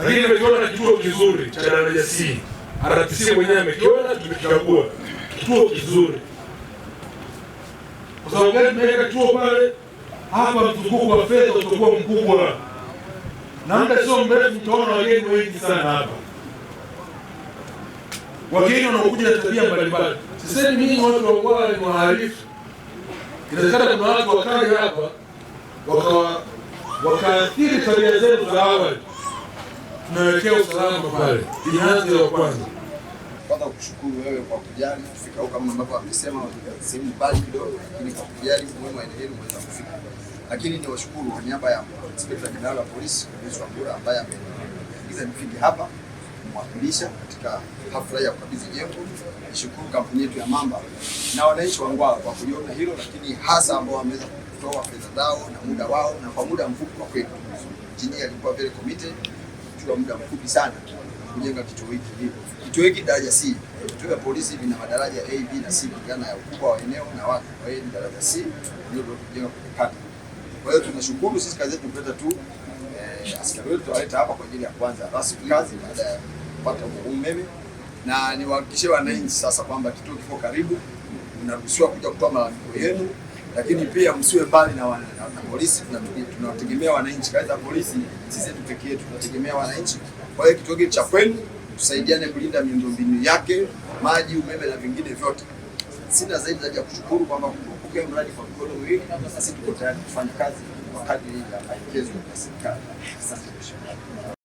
lakini nimekiona kituo kizuri cha daraja C. RTC mwenyewe amekiona, tumekikagua kituo kizuri. Kwa sababu gani tumeweka kituo pale? Hapa mzunguko wa fedha utakuwa mkubwa, na muda sio mrefu mtaona wageni wengi sana hapa, wageni wanaokuja na tabia mbalimbali. Sisemi mimi watu wa wakwaa ni wahalifu, inawezekana kuna watu wakali hapa wakawa wakaathiri tabia zetu za awali tunawekea usalama pale, ianze ya kwanza kwanza kushukuru wewe kwa kujali kufika huko, kama ambavyo amesema sehemu mbali kidogo, lakini kwa kujali umuhimu wa eneo hili umeweza kufika. Lakini ni washukuru kwa niaba ya Inspekta Jenerali wa Polisi Agnes Wambura ambaye ameingiza nifike hapa kumwakilisha katika hafla ya kukabidhi jengo. Nishukuru kampuni yetu ya Mamba na wananchi wa Ngwala kwa kuliona hilo, lakini hasa ambao wameweza kutoa fedha zao na muda wao na kwa muda mfupi. Kwa kweli, injinia alikuwa very committed kuchukua muda mfupi sana kujenga kituo hiki hivi. Kituo hiki daraja C, vituo vya polisi vina madaraja A, B na C kulingana ya ukubwa wa eneo na watu. Kwa hiyo daraja C ndio kwenye kata. Kwa hiyo tunashukuru, sisi kazi yetu kuleta tu eh, askari wetu waleta hapa kwa ajili ya kwanza rasmi kazi baada ya kupata umeme, na niwahakikishie wananchi sasa kwamba kituo kiko karibu, mnaruhusiwa kuja kutoa malalamiko yenu lakini pia msiwe mbali na, wana, na polisi. Tunawategemea wananchi, kaiza polisi sisi tu pekee yetu, tunategemea wananchi. Kwa hiyo kituo cha kwenu, tusaidiane kulinda miundombinu yake, maji, umeme na vingine vyote. Sina zaidi zaidi ya kushukuru kwamba kupokea mradi kwa mikono miwili, na sisi tuko tayari kufanya kazi kwa kadri ya maelekezo ya serikali. Asante.